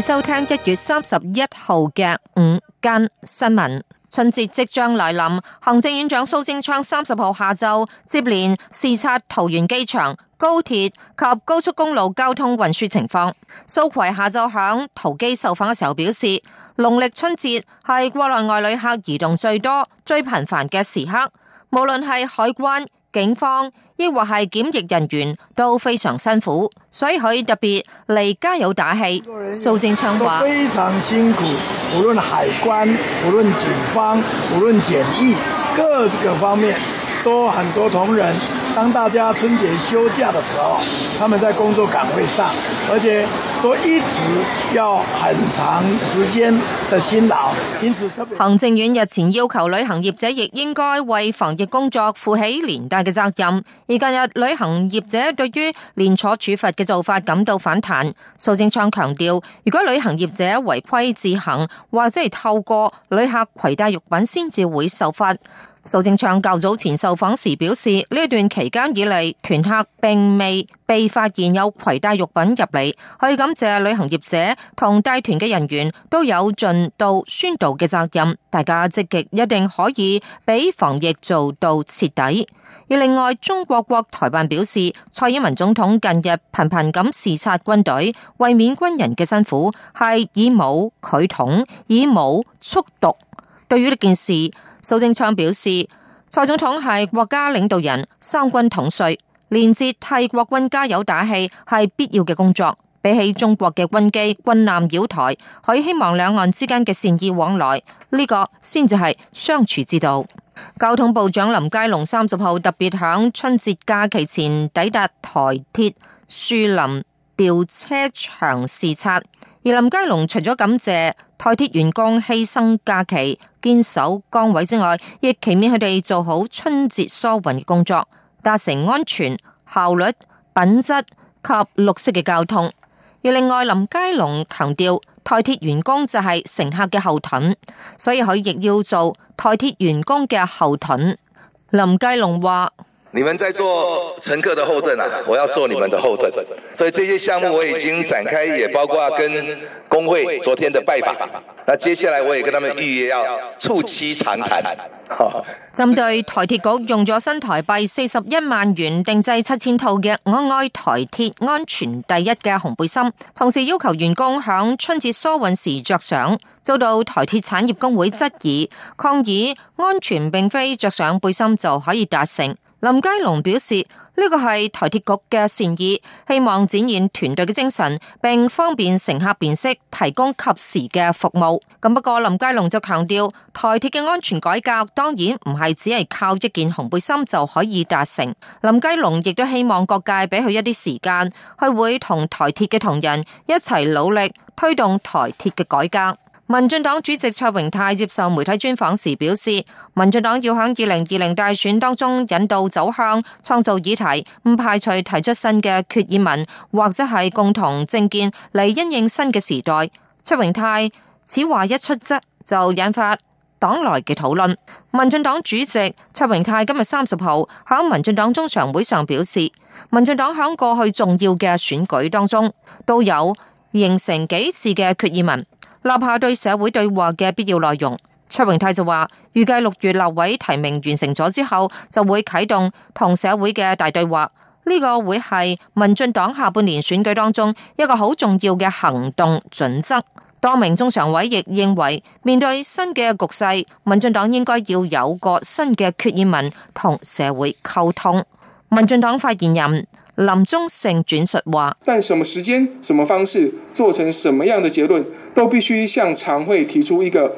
收聽一月三十一號嘅午間新聞，春節即將來臨。行政院長蘇貞昌三十號下晝接連視察桃園機場、高鐵及高速公路交通運輸情況。蘇揆下晝響桃機受訪嘅時候表示，農曆春節係國內外旅客移動最多、最頻繁嘅時刻，無論係海關、警方。抑或係檢疫人員都非常辛苦，所以佢特別嚟，加油打氣。蘇貞昌話：非常辛苦，無論海關、無論警方、無論檢疫，各個方面都很多同仁。當大家春節休假的時候，他們在工作崗位上，而且都一直要很長時間的辛勞。行政院日前要求旅行業者亦應該為防疫工作負起連帶嘅責任，而近日旅行業者對於連坐處罰嘅做法感到反彈。蘇貞昌強調，如果旅行業者違規自行或者係透過旅客攜帶肉品，先至會受罰。蘇貞昌較早前受訪時表示，呢段期間以嚟，團客並未被發現有携帶肉品入嚟。去感謝旅行業者同帶團嘅人員都有盡到宣導嘅責任，大家積極一定可以俾防疫做到徹底。而另外，中國國台辦表示，蔡英文總統近日頻頻咁視察軍隊，為免軍人嘅辛苦，係以武拒統，以武速獨。對於呢件事。蘇貞昌表示，蔡總統係國家領導人，三軍統帥，連接替國軍加油打氣係必要嘅工作。比起中國嘅軍機、軍艦繞台，佢希望兩岸之間嘅善意往來，呢、這個先至係相處之道。交通部長林佳龍三十號特別響春節假期前抵達台鐵樹林調車場視察。而林佳龍除咗感謝台鐵員工犧牲假期堅守崗位之外，亦期勉佢哋做好春節疏運嘅工作，達成安全、效率、品質及綠色嘅交通。而另外，林佳龍強調，台鐵員工就係乘客嘅後盾，所以佢亦要做台鐵員工嘅後盾。林佳龍話。你們在做乘客的後盾啊！我要做你們的後盾，所以這些項目我已經展開，也包括跟工會昨天的拜訪。那接下來我也跟他們預約要促膝長談。針、嗯、對台鐵局用咗新台幣四十一萬元定製七千套嘅我愛台鐵安全第一嘅紅背心，同時要求員工響春節疏運時着上，遭到台鐵產業工會質疑抗議，安全並非着上背心就可以達成。林佳龍表示，呢個係台鐵局嘅善意，希望展現團隊嘅精神，並方便乘客辨識，提供及時嘅服務。咁不過林佳龍就強調，台鐵嘅安全改革當然唔係只係靠一件紅背心就可以達成。林佳龍亦都希望各界俾佢一啲時間，佢會同台鐵嘅同仁一齊努力推動台鐵嘅改革。民進黨主席卓榮泰接受媒體專訪時表示，民進黨要喺二零二零大選當中引導走向，創造議題，唔排除提出新嘅決議文，或者係共同政見嚟因應新嘅時代。卓榮泰此話一出則就引發黨內嘅討論。民進黨主席卓榮泰今日三十號喺民進黨中常會上表示，民進黨喺過去重要嘅選舉當中都有形成幾次嘅決議文。立下對社會對話嘅必要內容，卓榮泰就話：預計六月立委提名完成咗之後，就會啟動同社會嘅大對話。呢、這個會係民進黨下半年選舉當中一個好重要嘅行動準則。多名中常委亦認為，面對新嘅局勢，民進黨應該要有個新嘅決議文同社會溝通。民進黨發言人。林忠勝轉述話，但什麼時間、什麼方式做成什麼樣的結論，都必須向常會提出一個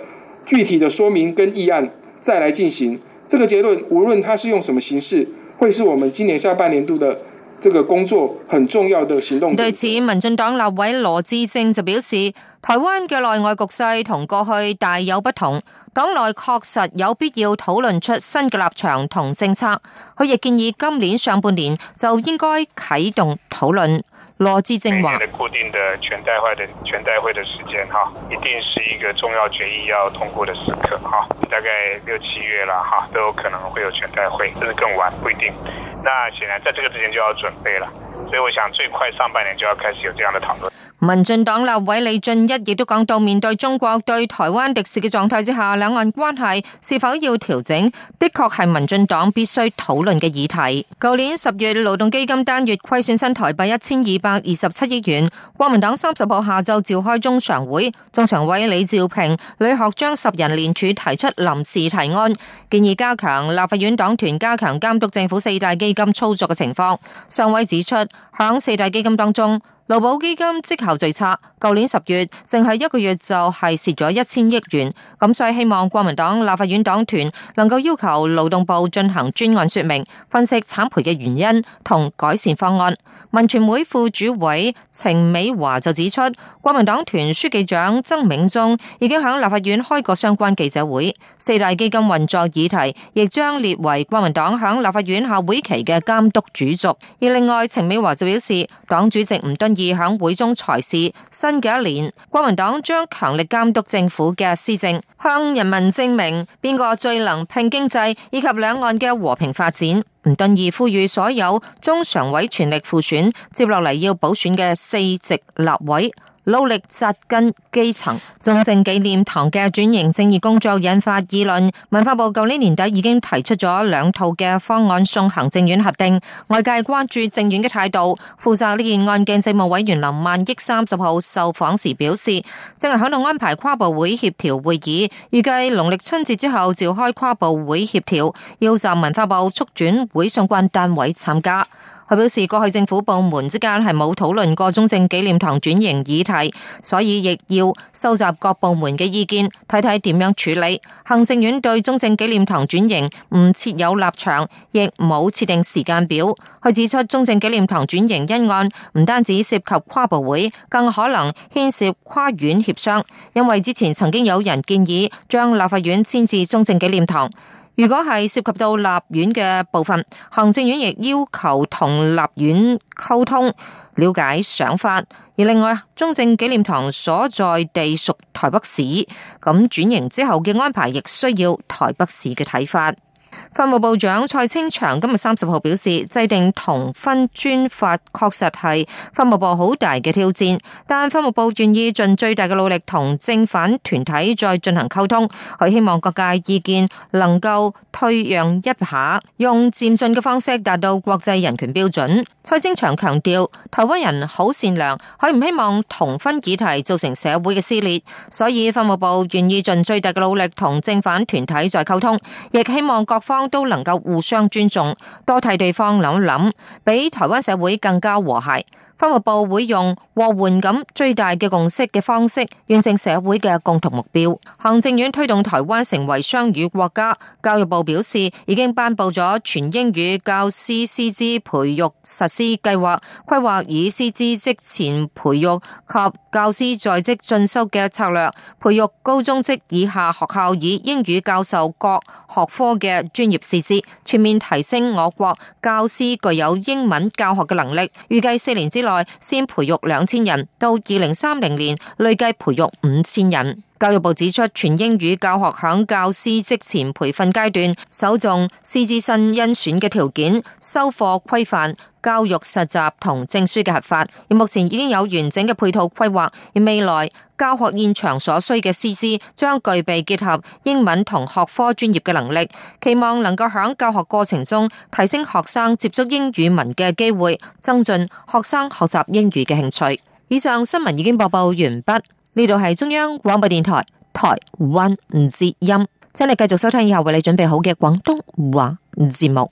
具體的說明跟議案，再來進行。這個結論無論它是用什麼形式，會是我們今年下半年度的。這個工作很重要的行動。對此，民進黨立委羅志政就表示，台灣嘅內外局勢同過去大有不同，黨內確實有必要討論出新嘅立場同政策。佢亦建議今年上半年就應該啟動討論。羅志政話：每年的固定的全代會的全代會的時間哈，一定是一個重要決議要通過的時刻，哈，大概六七月啦，哈，都可能會有全代會，甚至更晚，不一定。那顯然，在這個之前就要準備了，所以我想最快上半年就要開始有這樣的討論。民進黨立委李俊一亦都講到，面對中國對台灣敵視嘅狀態之下，兩岸關係是否要調整，的確係民進黨必須討論嘅議題。舊年十月，勞動基金單月虧損新台幣一千二百二十七億元。國民黨三十號下晝召開中常會，中常委李照平、呂學章十人聯署提出臨時提案，建議加強立法院黨團加強監督政府四大基金操作嘅情況。上委指出，響四大基金當中。勞保基金績效最差，舊年十月淨係一個月就係蝕咗一千億元。咁所以希望國民黨立法院黨團能夠要求勞動部進行專案說明，分析慘賠嘅原因同改善方案。文傳會副主委程美華就指出，國民黨團書記長曾銘宗已經響立法院開過相關記者會，四大基金運作議題亦將列為國民黨響立法院下會期嘅監督主軸。而另外，程美華就表示，黨主席吳敦義而喺會中裁示，新嘅一年，國民黨將強力監督政府嘅施政，向人民證明邊個最能拼經濟，以及兩岸嘅和平發展。吳敦義呼籲所有中常委全力輔選，接落嚟要補選嘅四席立委。努力紮根基層。中正紀念堂嘅轉型正義工作引發議論。文化部舊年年底已經提出咗兩套嘅方案送行政院核定，外界關注政院嘅態度。負責呢件案件政務委員林萬億三十號受訪時表示，正係響度安排跨部會協調會議，預計農曆春節之後召開跨部會協調，要就文化部促轉會相關單位參加。佢表示，過去政府部門之間係冇討論過中正紀念堂轉型議題，所以亦要收集各部門嘅意見，睇睇點樣處理。行政院對中正紀念堂轉型唔設有立場，亦冇設定時間表。佢指出，中正紀念堂轉型因案唔單止涉及跨部會，更可能牽涉跨院協商，因為之前曾經有人建議將立法院遷至中正紀念堂。如果係涉及到立院嘅部分，行政院亦要求同立院溝通，了解想法。而另外，中正紀念堂所在地屬台北市，噉轉型之後嘅安排亦需要台北市嘅睇法。法務部長蔡清祥今日三十號表示，制定同婚專法確實係法務部好大嘅挑戰，但法務部願意盡最大嘅努力同正反團體再進行溝通，佢希望各界意見能夠退讓一下，用漸進嘅方式達到國際人權標準。蔡清祥強調，台灣人好善良，佢唔希望同婚議題造成社會嘅撕裂，所以法務部願意盡最大嘅努力同正反團體再溝通，亦希望各方，都能夠互相尊重，多替對方諗諗，俾台灣社會更加和諧。教育部會用和緩咁最大嘅共識嘅方式，完成社會嘅共同目標。行政院推動台灣成為雙語國家。教育部表示，已經頒布咗全英語教師師資培育實施計劃，規劃以師資職前培育及教師在職進修嘅策略，培育高中職以下學校以英語教授各學科嘅專業師資，全面提升我國教師具有英文教學嘅能力。預計四年之內。先培育兩千人，到二零三零年累計培育五千人。教育部指出，全英語教學響教師職前培訓階段，首重師資甄選嘅條件、授課規範、教育實習同證書嘅合法。而目前已經有完整嘅配套規劃，而未來教學現場所需嘅師資將具備結合英文同學科專業嘅能力，期望能夠響教學過程中提升學生接觸英語文嘅機會，增進學生學習英語嘅興趣。以上新聞已經播報完畢。呢度係中央廣播電台台灣之音，請你繼續收聽以後為你準備好嘅廣東話節目。